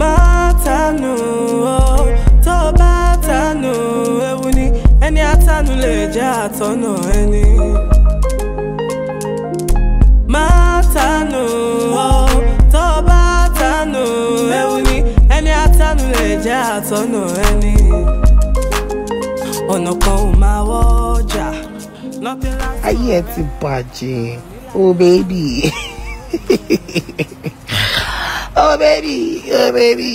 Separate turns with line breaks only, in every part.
mátànù oh, tó bá tànù ewu ni ẹni àtànù lè jẹ́ àtọ́nà ẹni. mátànù oh, tó bá tànù ewu ni ẹni àtànù lè jẹ́ àtọ́nà ẹni. ọ̀nà kan ò máa wọ́ ọjà. ayé ẹ ti bàjẹ́ o oh bèbí. oh baby oh baby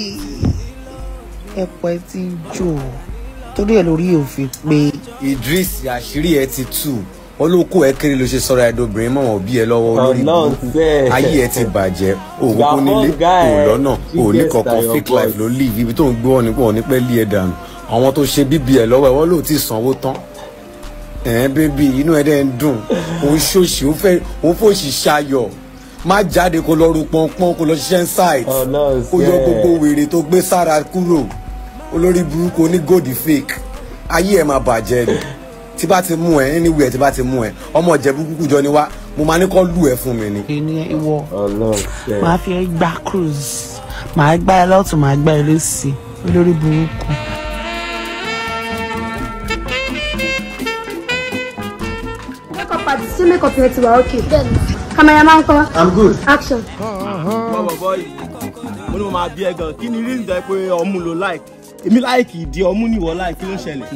ẹ̀pọ̀ ẹ ti ń jò torí ẹ̀ lórí òfin pé. Idris àṣírí ẹ ti tú wọn ló kó ẹ kéré ló ṣe sọ̀rọ̀ ẹdọbìnrin mọ wọn bí ẹ lọ́wọ́ olórí burúkú ayé ẹ ti bàjẹ́ òun kó nílé òun lọ́nà òun ní kankan fake life ló lè ibi tó ń gbé wọn nípa wọn nípẹ lé ẹ dànù àwọn tó ṣe bíbí ẹ lọ́wọ́ ẹ wọn ló ti sanwó tán ẹ bébì inú ẹ dẹ ń dùn òun ṣòṣì òun fòṣì ṣayọ má jáde kó lọ ru pọnpọn kó lọ ṣiṣẹ́ site oh, kó yọ gbogbo wèrè tó gbé sára kúrò olórí burúkú onígòdì fake ayé ẹ máa bàjẹ́ ni tí bá ti mú ẹ anywhere tí bá ti mú ẹ ọmọ ìjẹ̀bú kúkú jọ ni wá mo máa ní kó lù ẹ fún mi ni. ènìyàn ìwọ oh, máa fi ẹ gba cruise máa gbá ẹ lọ́tún máa gbá ẹ lọ́sì olórí burúkú.
makeup àti sí makeup yẹn ti wà ókè. bẹ́ẹ̀ni Cameraman kọ. I'm good. Action.
Bọ́ bọ̀ bọ́ yìí, mo ní mo máa bí ẹ gan. Kí ni rí ìdá pé ọmú ló láìkì? Èmi láìkì ìdí ọmú ni ìwọ láìkì ló ṣẹlẹ̀.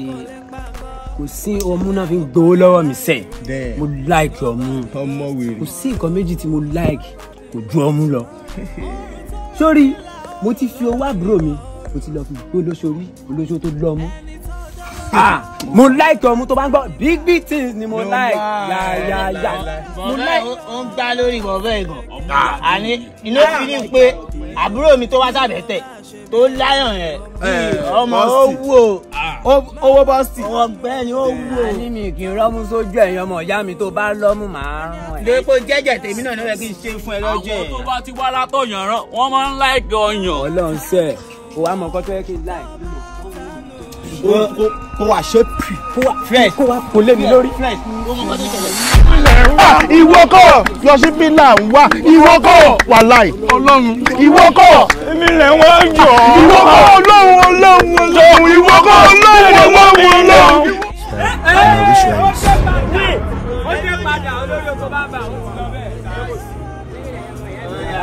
Kò sí ọmú náà fi ń
gbowó lọ́wọ́ mi sẹ́ẹ̀. Bẹ́ẹ̀. Mo like ọmú. Ọmọ wèrè. Kò sí nǹkan méjì tí mo láìkì kò ju ọmú lọ. Sórí, mo ti fi owó àbúrò mi, mo ti lọ fi gbó lóṣorí, olóṣó tó lọ́mú. Ah, mo like ọmú tó bá ń gbọ́ big big things ni mo like ya mo like. ó ń gbá lórí bọ̀bẹ́ ìgàn ah. àní inú fi ní pé àbúrò mi tó wá sàbẹ̀ tẹ̀ tó láyàn ẹ̀ eh, ọmọ ó wù ó ah. owó bọ́sì. ọ̀gbẹ́ni ó wù ó. àní mi kì í rọ́mú sójú ẹ̀yìn ọmọ ìyá mi tó bá lọ́mú màá rán ẹ̀. lórí pé jẹ́jẹ̀ tèmi
náà ni ó yẹ kí n
ṣe fún ẹ lọ́jọ́ ẹ̀. àwọn tó bá
ti wá látọ̀yàn rán wọ́n máa ń láìpẹ́ ọyàn. ọlọ́run sẹ́ẹ̀ o wa mọ̀ kọ́tọ́ yẹ kí n láì
kó wà ṣe pì kó wà kó lé mi lórí. ìwọ kọ́ yọsí bí là ń wá ìwọ kọ́ wà láì ọlọ́run ìwọ kọ́ èmi lẹ̀ ń jọ ìwọ kọ́ ọlọ́run ọlọ́run ọlọ́run ìwọ kọ́ ọlọ́run ọlọ́run ọlọ́run.
ọ̀sẹ̀ padà olórí ọkọ̀ bá bá wọn.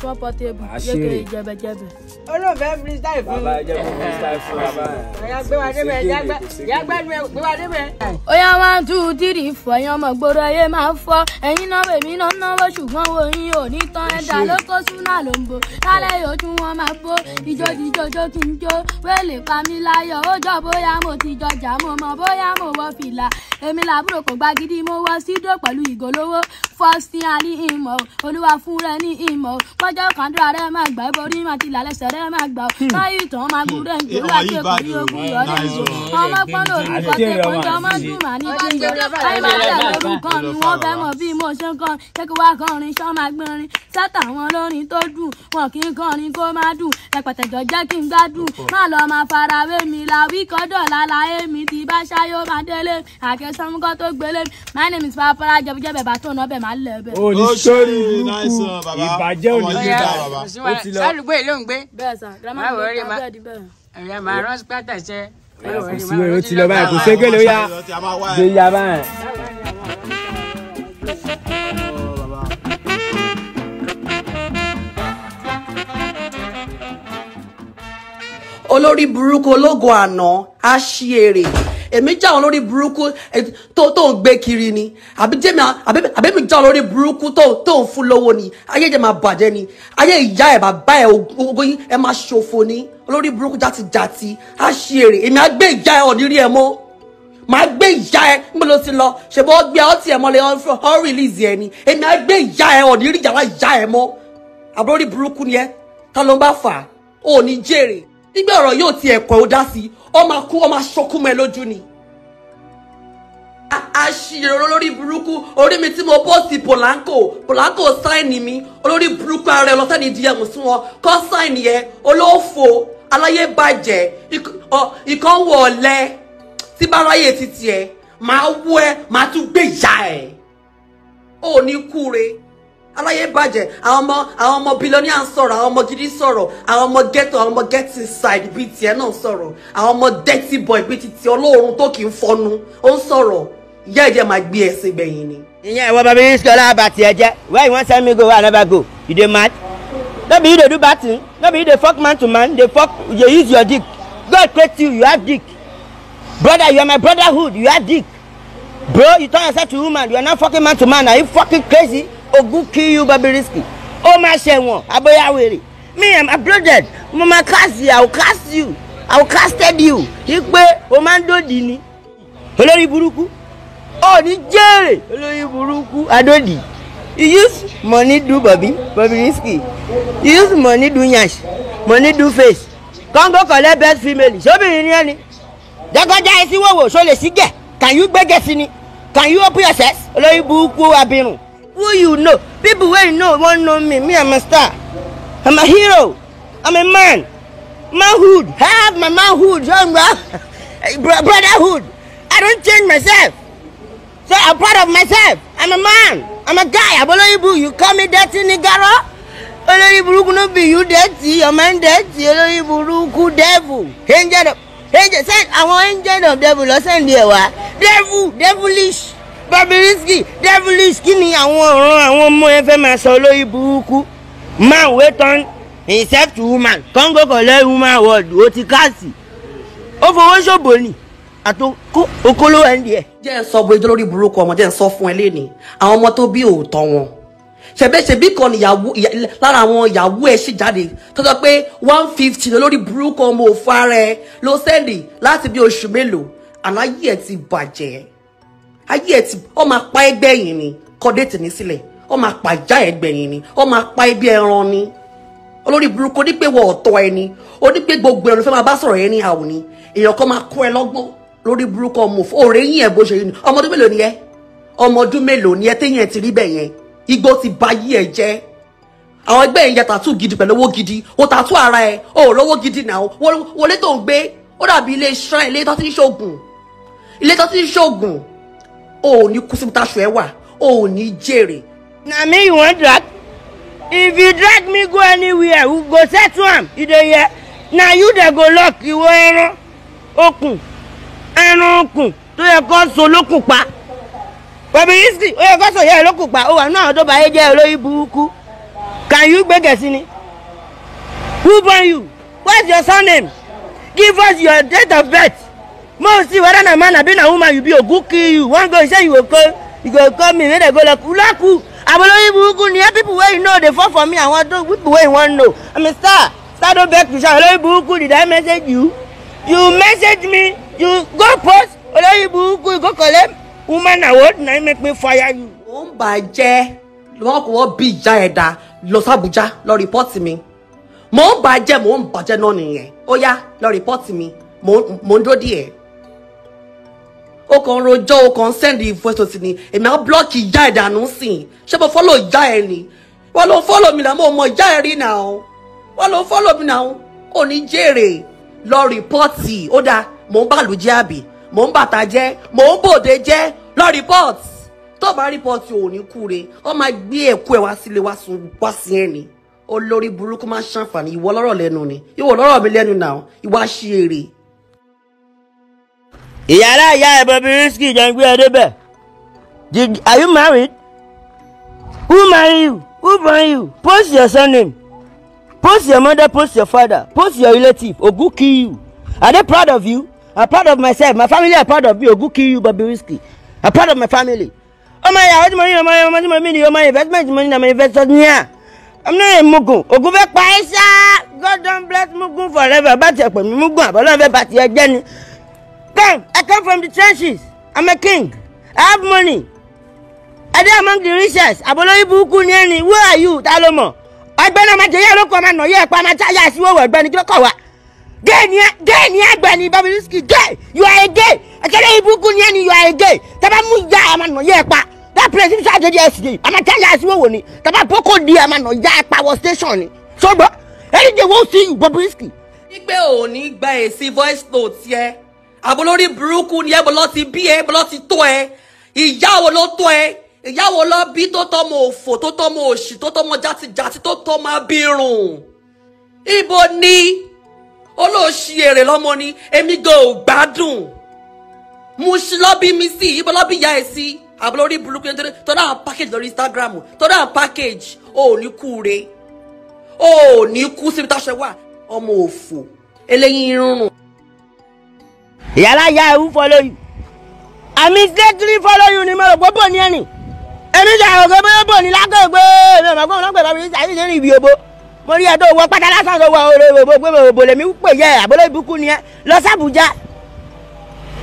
comfortable yéke jẹbẹjẹbẹ.
olóòfẹ́ freestyle fún mi. bàbá jẹ́ fún freestyle fún bàbá. ọ̀yà gbé wa débẹ̀ yá gbẹ́nu
ẹ̀ gbé wa débẹ̀.
ọ̀yà one two three four ẹ̀yin ọmọ gbòòrò ayé máa ń fọ́ ẹ̀yin náwó èmi náà náwó ṣùgbọ́n wo yín ò ní tán ẹ̀dá lóko súnà ló ń bo lálẹ́ yòókù wọn máa bó ìjójíjójó kí n jó wẹ́lẹ̀ pa mí láyọ̀ ó jọ bóyá mo ti jọjà mo mọ bóyá mo wọ fìlà èmi làbúrò kò gbagidi mo wọ sídó pẹ̀lú ìgò lówó fọ́ọ̀sì àní ìmọ̀ olúwa fún rẹ ní ìmọ̀ pọ́ lọ́jọ́ kan dúró rẹ máa gbà iborí máa ti là lẹ́sẹ̀ máa gbà ó hmm. báyìí tán máa gúrẹ́ ìgbòho àti èkó ní ogun yọrí ìṣó ọmọ pọ́nlọ olùkọ́ tẹ̀kọ́ jọ máa ń dùn mà ní kíndé máa dà lórí kan ni wọ́n fẹ́ mọ̀ bí mo ṣe ń kọrin kékeré wá kọrin ṣọ́ máa gbẹrin sátà wọn lórin tó dùn wọn kì í kọrin kó má dùn ẹ̀pẹ̀tẹ̀jọ jẹ́ kí n gbádùn má lọ máa farawé mi la wíkọ́dọ̀ lálàyé mi ti bá ṣáyó máa délé àkẹ́sọ́múkọ́ tó gbélé my name is Papa. Jẹbújẹ bẹ̀bà tó ná bẹ̀ máa lẹ̀ bẹ̀. oníṣòrí burúkú ìbàjẹ́ oníṣòrí dé ta bàbá. ó ń gbé. bẹ́ẹ̀ sà grandma mi ló ta bẹ́ẹ̀ di bẹ́ẹ̀. ẹ̀rọ màá rán ti lọ báyìí kò ségele ó yá dé yá báyìí.
olórí burúkú ológo àná á ṣí èrè èmi já wọn lórí burúkú tó tó ń gbé kiri ni àbí jẹ́mi àbẹ́mi já wọn lórí burúkú tó tó ń fún lówó ni ayé jẹ́ máa bàjẹ́ ni ayé ìyá ẹ̀ bàbá ẹ̀ ogo yín ẹ̀ máa ṣòfò ni olórí burúkú játijàti á ṣe èrè èmi á gbé ìyá ẹ̀ ọ̀nírí ẹ̀ mọ́ màá gbé ìyá ẹ níbo ló ti lọ ṣèbó gbé ọtí ẹ mọ́lẹ̀ ọ rìlíìsì ẹ ni èmi á gbé ìyá ẹ ọ̀nírí ìyàwó ìyá ẹ mọ́ àbúrò rí burúkú ni ẹ ká ló ń bá fà á ò ní jèrè nígbà ọ̀rọ̀ yóò ti ẹ̀kọ́ ó dá sí ọmọ akú ọmọ aṣọkú mẹ́ lójú ni. àṣìrò olórí burúkú orí mi tí mo bọ́ sí Polanco Polanco sáìnì mi olórí burúkú ara ẹ lọ́sẹ̀ni dm sí wọn kọ́ sáìnì yẹn olófo aláyé bàjẹ́ ìkan wọ̀ ọ̀lẹ́ tí bá ráyè títì ẹ̀ máa wú ẹ máa tún gbé ìyá ẹ̀ ò ní kúre aláyé bàjẹ́ àwọn ọmọ àwọn ọmọ billionaire ń sọ̀rọ̀ àwọn ọmọ gidi sọ̀rọ̀ àwọn ọmọ ghetto àwọn ọmọ get inside bíi tiẹ̀ náà sọ̀rọ̀ àwọn ọmọ dirty boy bíi ti ti ọlọ́run tó kì
í fọnu ó ń sọ̀rọ̀ ìyá ẹ̀jẹ̀ máa gbé ẹsẹ̀ gbẹ̀yìn ni. ìyẹn ìwọ bàbá yìí sọlá bàtì ẹ̀jẹ̀ where you wan send me go where i never go you dey mad no be you dey do bad thing no be you dey fok man to man dey fok you dey use your dick god create you you have dick brother you are my brotherhood you have dick bro you turn yourself to woman you are not fokin man to man are you fokin crazy ogun kill you Bobrisky ó máa ṣẹ̀wọ̀n abóyá wèrè me i'm uploaded mo máa cast you i will cast you i will casted you yí pé o máa ń dòdì ni olórí burúkú ó ní jèrè olórí burúkú adòdì you use money do bobi Bobrisky you use money do yansh money do face kọ́ńgó kọ̀lẹ́ best female ṣóbìnrin ni ẹni jẹ́kọ́já ẹ sí wòwò ṣó lè sí gẹ̀ can you gbẹ́gẹ̀ sí ni can you open your chest olórí burúkú abirùn who you know people wey you know wan know me me i'm a star i'm a hero i'm a man manhood i have my manhood brotherhood i don change myself so i'm proud of myself i'm a man i'm a guy aboloyibu you call me dirty nigaro olórí burúkú no be you dirty your man dirty olórí burúkú devil angel of angel send àwọn angel of devil lọ send there wa devil devilish. Bobrisky devilish kí ni àwọn ọ̀ràn àwọn ọmọ ẹ fẹ́ máa sọ lórí burúkú man wey turn himself woman Congo go woman world o ti káàsì ó fowó ṣòbò ni àti
okòló ẹ̀ ń di ẹ̀. jẹ́ ń sọ bóyá lórí burúkú ọmọ jẹ́ ń sọ fún ẹ lẹ́ni àwọn ọmọ tó bí òótọ́ wọn ṣẹ̀bẹ́ṣẹ̀bí kan níyàwó lára àwọn ìyàwó ẹ̀ ṣì jáde tó pé one fifty lórí burúkú ọmọ òfò ara ẹ ló sẹ́ndì láti bí oṣù mélòó àlàyé ẹ̀ ti bàjẹ́ ayé ẹ ti ọ máa pa ẹgbẹ́ yìí ni kọ́dé tì ní sílẹ̀ ọ máa pa ìjà ẹgbẹ́ yìí ni ọ máa pa ẹbí ẹran ni olórí burúkú onípe wọ ọ̀tọ̀ ẹni onípe gbogbo ẹ̀rọ fẹ́ máa bá sọ̀rọ̀ ẹni àwọn ni èèyàn kan máa kó ẹ lọ́gbọ́n lórí burúkú ọmọ òòrè yín ẹ̀ bó ṣe yín ni ọmọ ọdún mélòó ni ẹ ọmọ ọdún mélòó ni ẹ téyàn ti rí bẹ́ẹ̀ yẹn igbó ti ba yí ẹ jẹ́ àwọn ẹgbẹ́ yẹn ya tàtú gidi pẹ̀lú owó gidi o tàtú ara ẹ o lówó gidi náà wọlé tó ń gbé ó dàbí ilé iṣan ilé tó ti ń ṣoògùn
ilé tó ṣoògùn o ò ní kú síbi táṣọ ẹ wà o ò ní jèrè. na me you wan drag if you drag me go anywhere we go settle am You dey hear na you dey go lock ìwọ ẹran okùn ẹran okùn tó yẹ kó so lókùn pa Bobrisky ó yẹ kó so yẹ lókùn pa ó wà nínú àwọn tó bá yé jẹ́ olóyè burúkú can you gbẹ́gẹ̀ sí ni who born you what's your surname give us your date of birth mo si whether na man abi na woman you be ogun kill you wan go say you go call you go call me wey dey go like ulaku aboloyi burúkú ni people wey you know dey fall for me àwọn tó people wey you wan know i mean star star don beg to shout olórí burúkú did i message you you message me you go post olórí burúkú you go collect woman award na him make me fire you. ó ń bàjẹ́
lọ́wọ́ kò wọ́n bí ìjà ẹ̀dá lọ sàbújá lọ rìpọ́ọ̀tì mi mò ń bàjẹ́ mò ń bàjẹ́ náà nìyẹn ó yá lọ díẹ̀ ó kàn rojọ́ ó kàn send voice note ni èmi á block ìyá ẹ̀ dànù sìn ṣé mo follow ìyá ẹ̀ ni wọ́n ló follow mi náà mo mọ ìyá ẹ̀ rí náà wọ́n ló follow mi náà ò ní jèrè lọ rìpọ́ọ̀tì ó dáa mò ń bàlùjẹ́ àbí mò ń bàtà jẹ́ mò ń bòde jẹ́ lọ rìpọ́ọ̀tì tó bá rìpọ́ọ̀tì ò ní kúre ó máa gbé ẹ̀kú ẹ̀ wá sílé wá sùn wá sí ẹ̀ ni olórí burúkú máa ń ṣàǹfààní ìwọ lọ́rọ̀ lẹ́nu ni
ìwọ lọ́rọ̀ mi lẹ́nu náà ìwọ àṣìírí ìyá ẹ̀ Bobrisky jẹ́ ń gbé ẹ débẹ̀ are you married who marry you who born you post your surname post your mother post your father post your relative ogun kill you are they proud of you i'm proud of myself my family are proud of me ogun kill you Bobrisky i'm proud of my family ọmọ ìyàwó tí mo ní ọmọ ọmọ tí mo ní ọmọ investment mo ní ọmọ investor ní à i'm not a mugun ogun fẹ́ pa ẹ́ ṣá god don bless mugun forever bá tiẹ̀ pè mí mugun àbọ̀lọ́fẹ́ bá tiẹ̀ jẹ́ ni come. I come from the trenches. I'm a king. I have money. I dey among the richest. Àbọ̀lóyìn burúkú ni ẹni. Where are you? Ta ló mọ̀? Ọgbẹ́ náà máa jẹ yẹ́ olóko ọmọ nàyẹ́ ẹ̀pá máa jáyà sí owó ẹ̀gbẹ́ni kí ló kọ̀ wá. Gay ni ẹ gay ni ẹ gbẹ̀ Babiliski gay. You are a gay. Àkẹ́lẹ́ ìbúkú ni ẹni you are a gay. mú ìyá àmà nàyẹ́ ẹ̀pá that place is sáà jẹjẹ ẹsì yìí àmà tí a yà sí wòwò ni tàbá boko di àmà nà ya pawọ station ni ṣọgbọ ẹni jẹ see sí
Bobrisky. wípé ò ní gba èsì voice note yẹ àbólórí burúkú ni ẹ bọ́ lọ ti bí ẹ bọ́ lọ ti tó ẹ ìyá wo ló tó ẹ ìyá wo ló bí tó tọ́ mọ òfò tó tọ́ mọ òṣì tó tọ́ mọ játijàti tó tọ́ mọ abirùn ibo ni olóòṣì èrè lọ́mọ ni èmi gan ò gbádùn mo ṣe lọ́bí mi sí ibo lọ́bí ìyá ẹ̀ sí àbólórí burúkú ni torí tọ́lá package lórí Instagram tọ́lá àwọn package ò ní kú re ò ní kú síbi táṣẹ wà
ọmọ òfò eléyìí rúnrún ìyálà ya ewu follow you I immediately follow you ni mo rò pé bò ní ẹnì èmi jà rò pé bóyá bò ní lágbègbè mi ò mọ̀ pé òun náà pè bá mi ṣe àyíṣe ní ibi òbo mo rí ẹdọ owó pátá lásán tó wọ òrò òbò pé òbò lèmi pè yẹ àbólé ibùkún ni ẹ lọ sí Àbújá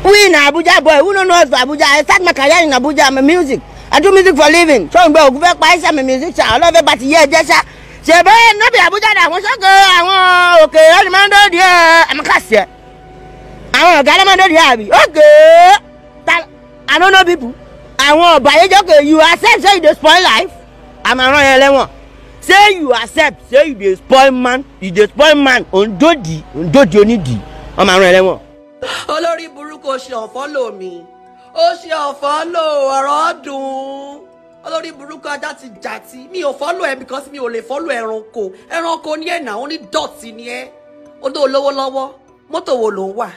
we in Abuja boy who no know us for Abuja I start my career in Abuja I'm a music I do music for living so n gbẹ ògùn fẹ pa iṣẹ mi musician ọlọfẹ bá ti yẹ ẹjẹ ṣá ṣèbẹ nọbi Abuja dà àwọn sọgọ àwọn òkè ẹni máa ń dọ díẹ̀ àmì kàṣẹ àwọn ọ̀gá lọ́mọdé rẹ̀ àbí ókè I don't know people àwọn ọ̀bàyéjọ́ kò you accept say you dey spoil life àmọ́ àwọn yẹn lẹ́wọ̀n say you accept say you dey spoil man you dey spoil man òǹdòdì òǹdòdì onídìí ọmọ àwọn yẹn lẹ́wọ̀n.
olórí burúkú ṣe ọ̀fọ́ lòmí ó ṣe ọ̀fọ́ lò ọ̀rọ̀ dùn olórí burúkú ajá ti jà tí mi ò fọ́lọ̀ ẹ because mi ò lè fọ́lọ̀ ẹranko ẹranko ní ẹ̀nà ó ní dọ̀tí ni ẹ ó ní olówó lọ́wọ́ mọ́tò wo ló ń wà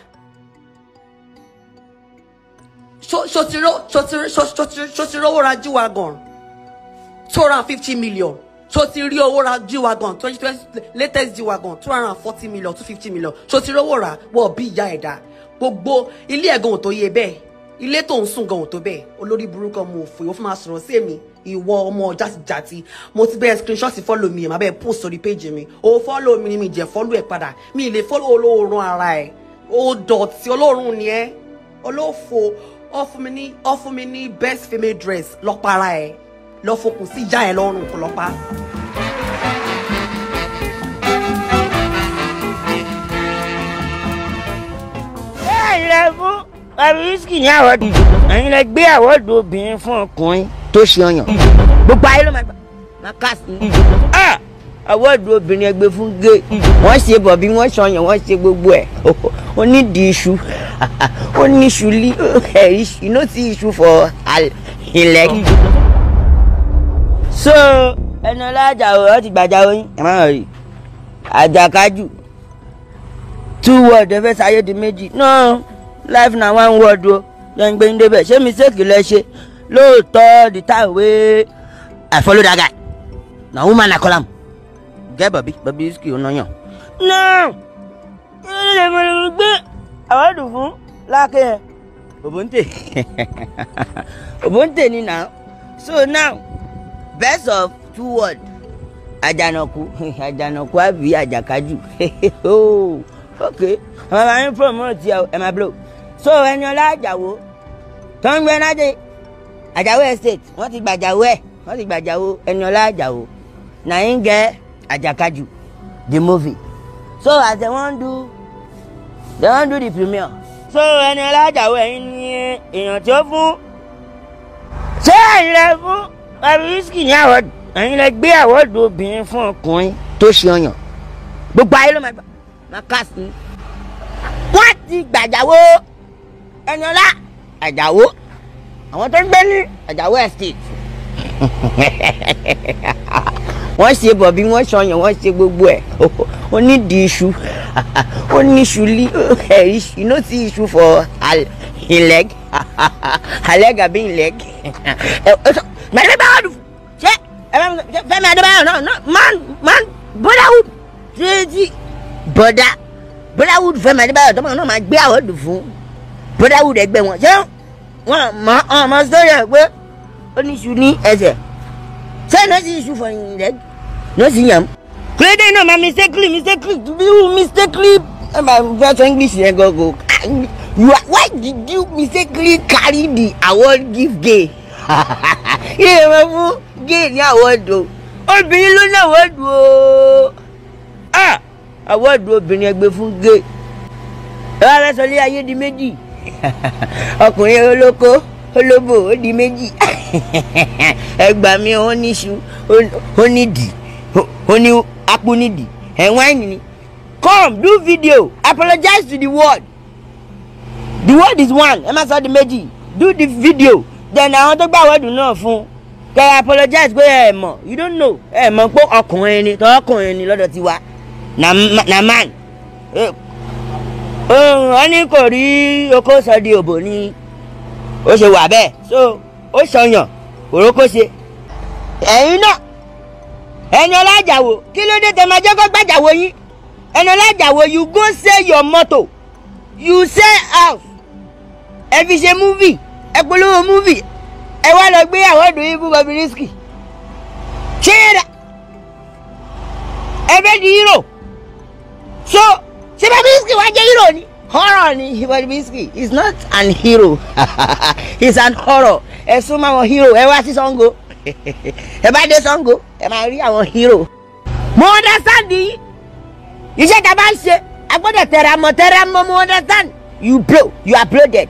ṣo ti rówó ra jíwa gan two hundred and fifty million So ti rí owó ra jíwa gan twenty twenty latest jíwa gan two hundred and forty million two fifty million ṣo ti rówó ra wọ bí ìyá ẹ̀dá gbogbo ilé ẹ̀gàn tó yẹ bẹ́ẹ̀ ilé tó ń sùn gan tó bẹ́ẹ̀ olórí burúkú ọmọ òfò ìwọ fún máa sọ̀rọ̀ sí èmi ìwọ ọmọ játijàti mo ti bẹ́ẹ̀ screenshot follow mi ẹ̀ máa bẹ́ẹ̀ post sórí page mi o follow mi ni mi jẹ́ follow ẹ̀ padà mi ì lè follow olóorun ara ẹ̀ o dọ̀tí olóorun ni ẹ́ olófo ó fún mi ní ó mi ní best female dress lọ́para ẹ̀ lọ́ fokùn sí ìyá ẹ̀ lọ́rùn kò lọ́pa.
ẹ̀rẹ̀ fún Bobrisky ní àwọ̀dù ẹ̀yin lẹ gbé àwọ̀dù obìnrin fún ọkùnrin tó ṣe ọyàn gbogbo ayé ló máa gbà máa kà sí hmm. ah! awọ́ọ̀dù obìnrin ẹgbẹ́ fún gé wọ́n ṣe bọ̀bí wọ́n ṣọyàn wọ́n ṣe gbogbo ẹ̀ ó ní di iṣu ó ní iṣu lí iná sí iṣu fọ ilẹ̀. so ẹnu ọlájà ọ̀rọ̀ ti gbàjà oyin ẹ̀ máa rí àjàkájù two word ẹ fẹ́ sáyé di méjì náà life na one word o yẹn gbé ń débẹ̀ ṣé mistake lẹ ṣe lóòótọ́ the time wey I follow that guy na woman I call am gẹ́ bàbí bàbí wíṣíkì onáyàn. náà kí ló lè mọ̀ lórí gbé àwádùn fún láàkẹ́ yẹn. òbóǹtè òbóǹtè ni na. so now best of two words. àjànàkú àjànàkú àbí àjàkájù oh, ok àwọn bàbá yín fún ọmọ ti ẹ máa blow so ẹni ọlá àjàwó tó ń gbé náde àjàwó estate wọ́n ti gbàjàwó ẹ̀ wọ́n ti gbàjàwó ẹni ọlá àjàwó nàìjíríà. Ajakaju, the movie. So as they want do, they want do the premiere. So ẹni alájàwó ẹ̀yin ni èèyàn tí ó fún ṣé ẹ̀yin lẹ fún Bobrisky ní àwọ̀dù ẹ̀yin lẹ gbé àwọ̀dù obìnrin fún ọkùnrin tó ṣe ọyàn gbogbo ayé ló máa kà sí. wọ́n ti gbàjàwó ẹni ọlá àjàwó àwọn tó ń gbé ní àjàwó estate. wọ́n ṣe bọ̀bí wọ́n ṣọyàn wọ́n ṣe gbogbo ẹ̀ ó ní di iṣu ó ní iṣu lí you know see iṣu for ìlẹ́g àlẹ́g àbí ìlẹ́g mẹ́rin bá wọ́n dùn ṣé Fẹ́mi Adébáyọ̀ náà man man brotherhood ṣe ti bọ̀dá brotherhood Fẹ́mi Adébáyọ̀ tọ́mọ náà máa gbé àwọn dùn fún brotherhood ẹgbẹ́ wọn ṣé wọn mọ ọmọ sọ́yà pé ó ní iṣu ní ẹsẹ̀ ṣé ẹ̀ náà sì iṣu fọyín lẹ́gbẹ̀ẹ́ nọ́ọ̀sì yàn. kúlẹ́dẹ́ náà máa mistakenly mistakenly bíwú mistakenly ẹ máa fẹ́ sọ english yẹn gọ́gọ́ you are why did you mistakenly carry the award give gay ilé ìwé fún gay ní award o obìnrin ló ní award o ah award obìnrin ẹgbẹ́ fún gay ẹ wá fẹ́ sọ ilé ayé di méjì ọkùnrin olóko olóbò ó di méjì ẹgbàá mi ó níṣu ó nídìí ó ní akpó nídìí ẹ̀ wáìnì ni come do video apologize to the world the world is one ẹ má sọ the méjì do the video then àwọn tó gbà wẹ́ẹ̀dù náà fún kẹ apologize pé ẹ mọ̀ you don't know ẹ mọ̀ pé ọkùnrin ni tọ́ ọkùnrin ni lọ́dọ̀ tiwa na man wọ́n ní kò rí oko sọ di ni ó ṣe wà bẹ́ẹ̀ so ó ṣọyàn òrókó ṣe ẹ̀yin náà ẹni ọlájàwò kí ló dé tẹ máa jẹ́ kó gbàjàwò yín ẹni ọlájàwò you go sell your motor you sell house ẹ fi ṣe movie ẹ polówó movie ẹ wá lọ gbé àwọ̀dù ibú Bobrisky ṣé ẹ fẹ́ di hero so ṣé Bobrisky wá jẹ́ hero ni horror ni Bobrisky is not an hero he is an horror ẹ sún mọ́ àwọn hero ẹ wá sí Ṣàngó ẹ bá dé Ṣàngó ẹ máa rí àwọn hero. mo understand yìí iṣẹ́ tá a bá ń ṣe a gbọ́dọ̀ tẹ̀ra mọ́ tẹ̀ra mọ́ mo understand you blow you are blooded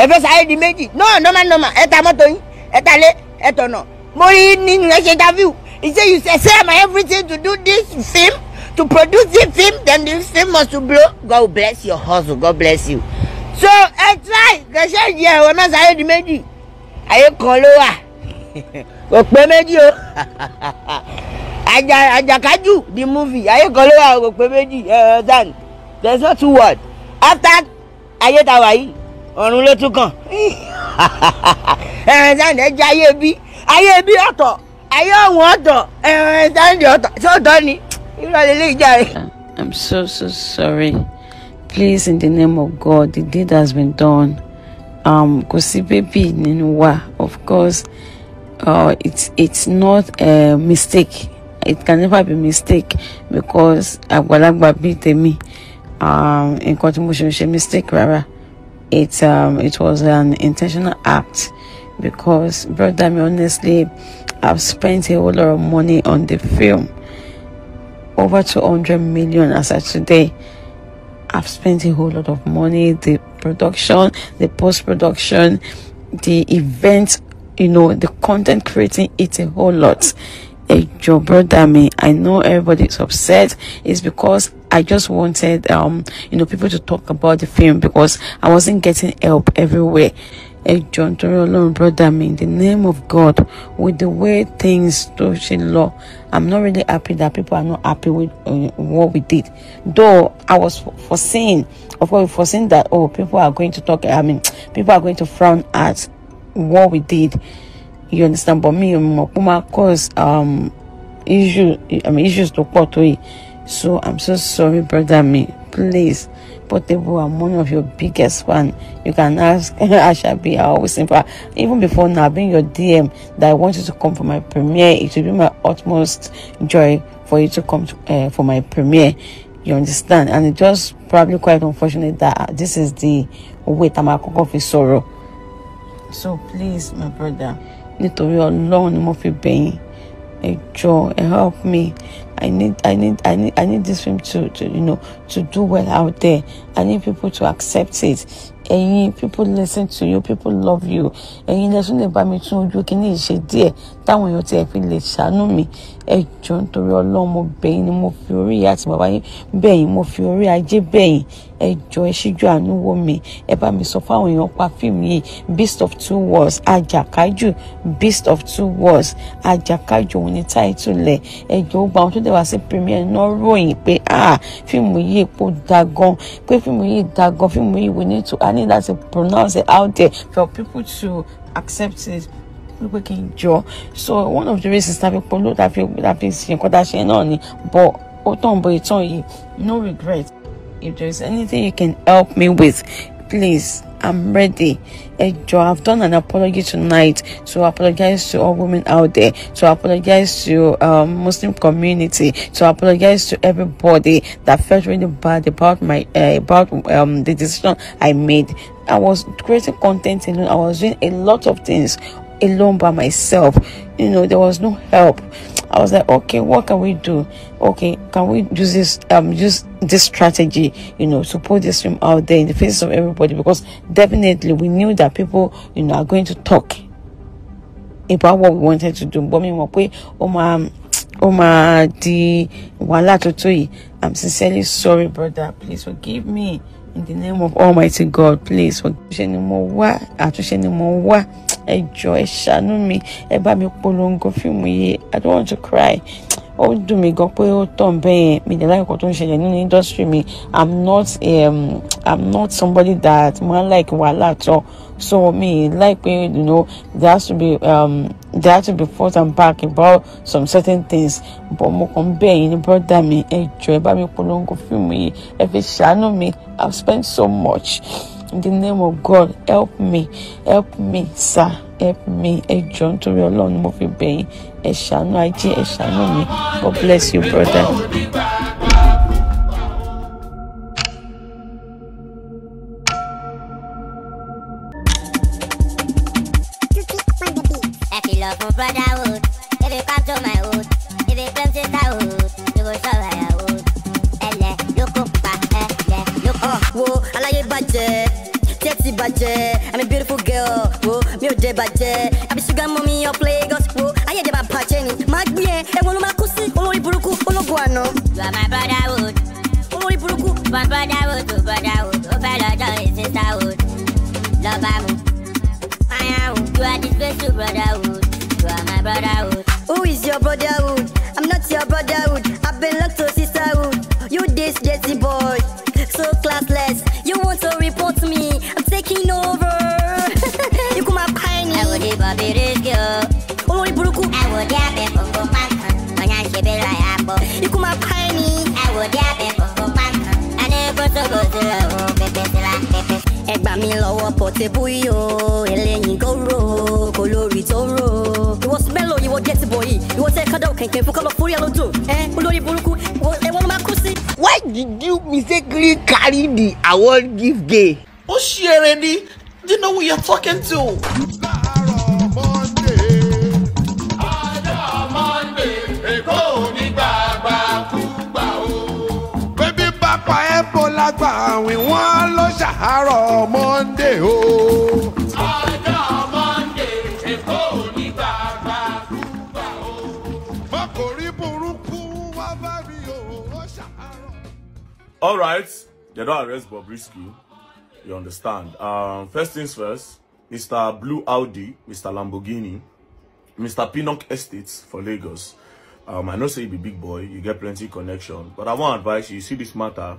ẹ fẹ́ sáyé di méjì no normal normal ẹ ta mọ́tò yín ẹ ta lé ẹ tọ̀nà mo rí nínú ẹ ṣe interview he say you say say my everything to do this film to produce this film then this film must to blow God bless your hustle God bless you so I try kẹsẹ́ yẹ ẹ wọ́n mẹ́sàn-án yẹ di méjì ayé kan ló wà kò pé méjì o àjàkájù the movie ayé kan ló wà kò pé méjì eh, eh, dan there is no two word after ayé ta wà yìí ọ̀run ló tún kàn ẹ̀rìn eh, ẹ jẹ́ ayé bí ayé bí ọ̀tọ̀ ayé ọ̀hún ọ̀tọ̀ ẹ̀rìn sáǹdì ọ̀tọ̀ sọ̀tọ̀ ni ìrọ̀lẹ́ lè jàre. Uh,
I'm so so sorry. Please, in the name of God, the deed has been done. Um, kò sí baby nínú wa, of course. uh, it's it's not a mistake it can never be mistake because I will tèmi nǹkan tí In court, motion, ṣe mistake rárá it um, it was an intentional act because brother me honestly I've spent a whole lot of money on the film over 200 million as of today I've spent a whole lot of money the production the post production the events you know the content creating it's a whole lot a job brother me i know everybody's upset it's because i just wanted um you know people to talk about the film because i wasn't getting help everywhere a john alone brother me in the name of god with the way things touch in law i'm not really happy that people are not happy with uh, what we did though i was foreseeing of course foreseeing that oh people are going to talk i mean people are going to frown at what we did. You understand? But me, Mopuma cause um issue I mean issues to port So I'm so sorry, brother me. Please. Portable, I'm one of your biggest one. You can ask I be. I always simple. Even before now, being your DM that I want you to come for my premiere, it will be my utmost joy for you to come to, uh, for my premiere. You understand? And it was probably quite unfortunate that this is the wait I'm a sorrow. so please my brother nítorí ọlọ́run ni mo fi bẹ̀yìn ẹ jọ̀ọ́ ẹ help me I need I need I need I need this film to to you know to do well out there I need people to accept it ẹ̀yin people listen to you people love you ẹ̀yin lẹ́sùn lè bá mi tún ojú kínní ìṣe díẹ̀ táwọn èèyàn tiẹ̀ fi lè ṣàánú mi ẹ jọ̀ọ́ nítorí ọlọ́run mo bẹ̀yìn ni mo fi orí ìyá àti bàbá yín bẹ̀yìn mo fi orí ajé bẹ̀yìn ẹ jọ ẹ ṣíjú àánú wò mí ẹ bá mi sọ fáwọn èèyàn pa fíìmù yìí beast of two wars àjàkájù beast of two wars àjàkájù òun ni táìtù lẹ ẹ jọ ó gba àwọn tó dẹ̀ wá sí premier náà ròyìn pé ah fíìmù yìí kò da gan pé fíìmù yìí da gan fíìmù yìí we need to i need that to pronounce it out there for people to accept it pé kí n jọ so one of the reasons tàbí polówó tàbí tàbí ṣe nǹkan tá a ṣe náà ni but ó tàn bọ ìtàn yìí no regret. if there's anything you can help me with please i'm ready i've done an apology tonight I apologize to all women out there I apologize to um, muslim community I apologize to everybody that felt really bad about my uh, about um, the decision i made i was creating content alone i was doing a lot of things alone by myself. You know, there was no help. I was like, okay, what can we do? Okay, can we use this um use this strategy, you know, to put this film out there in the face of everybody because definitely we knew that people, you know, are going to talk about what we wanted to do. But meanwhile, oh my oh my the I'm sincerely sorry, brother. Please forgive me. In the name of Almighty God, please forgive me. ẹ jọ̀ọ́ ẹ ṣàánú mi ẹ bá mi polongo fíìmù yìí i don't want to cry ó dùn mí gan pé ó tàn bẹ́ẹ̀ yẹn mi dẹ̀ láìpẹ́ tó ń ṣẹlẹ̀ nínú industry mi i'm not um, i'm not somebody that man like wàhálà tọ́ so mi láìpẹ́ you know there has to be um, there has to be forth and back about some certain things but mo kàn bẹ́ẹ̀ yìí ni brother mi ẹ jọ̀ọ́ ẹ bá mi polongo fíìmù yìí ẹ fi ṣàánú mi i've spent so much in the name of God help me help me sir help me ẹ jọ̀ọ́ nítorí Ọlọ́run ni mo fi bẹ̀ yín ẹ ṣàánú ajé ẹ ṣàánú mi God bless you brother. brotherhood.
If you come to my hood, if you come to my hood. bàjẹ́ I'm a beautiful girl wo mi ò jẹ́ bàjẹ́ àbí sugar mummy of Lagos wo ayé ìjẹba bàjẹ́ ni máa gbé ẹ ẹ̀wọ̀n ló máa kú sí olórí burúkú ológun àná. You are my brotherhood. olórí burúkú. my brotherhood to brotherhood ó fẹ́ lọ́jọ́ sisterhood lọ́ba mu ayáhùn. You are the special brotherhood. You are my brotherhood. Who is your brotherhood? I'm not your brotherhood. I belong to sisterhood. You this dirty boy, so classless. You want to report olórí burúkú. àwòdí abẹ kòkó pàkan ọ̀yà ń ṣe bẹ́ẹ̀ láyà àpọ̀. ikú máa pa ẹ́ ni. àwòdí abẹ kòkó pàkan adé kótókótó lọ́wọ́ pẹpẹ sílá pẹpẹ. ẹ gbà mí lọ́wọ́ pọ̀tẹ́bù yìí o eléyìí kò lórí tó rò. ìwọ sùmẹ́lò ìwọ jẹ́ bọ̀ yìí ìwọ tẹ́ kádà òkèǹkè fún kọ́lọ́ fúrí ẹ ẹ olórí burúkú ẹwọ́n ló máa kú sí. why did you
mistakenly carry the award gift, gay? ó ṣe eré ni do you know who you're talking to?
àgbà àwìn wọn ló ṣàárọ̀ Monday o.
ọjọ́ Monday èkó ní bàbá kúgbà
o. mọ́kòrí burúkú wá bá rí o ó ṣàárọ̀.
all right they don arrest Bobrisky you understand um, first things first mr blue audi mr lamborghini mr pinnock estates for lagos um, i know say you be big boy you get plenty connection but i wan advise you see this matter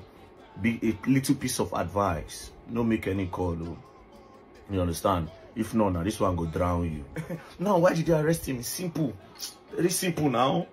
be a little piece of advice no make any call though. you understand if not now this one go drown you now why did they arrest him simple very simple now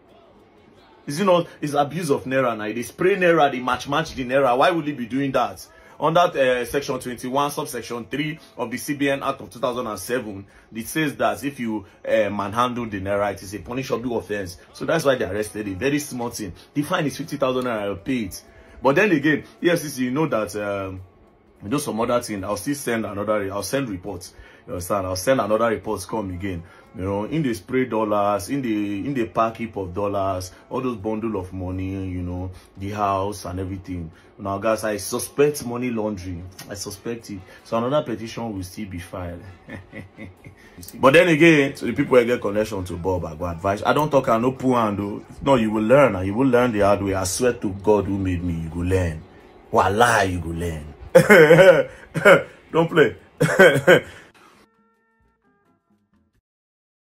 is it not it's abuse of naira now they spray naira they match match the naira why would he be doing that On uh, section 21 subsection 3 of the cbn act of 2007 it says that if you uh, manhandle the naira it is a punishable offense so that's why they arrested a very small thing the fine is 50,000 naira pay it but then again, yes, you know that um, do some other thing i'll still send another i'll send reports you understand i'll send another reports come again you know in the spray dollars in the in the pack heap of dollars all those bundle of money you know the house and everything now guys i suspect money laundering i suspect it so another petition will still be filed but then again to the people who get connection to bob i go advise i don't talk no open and do. Oh. no you will learn ah. you will learn the hard way i swear to god who made me you go learn wallah you go learn Don't play.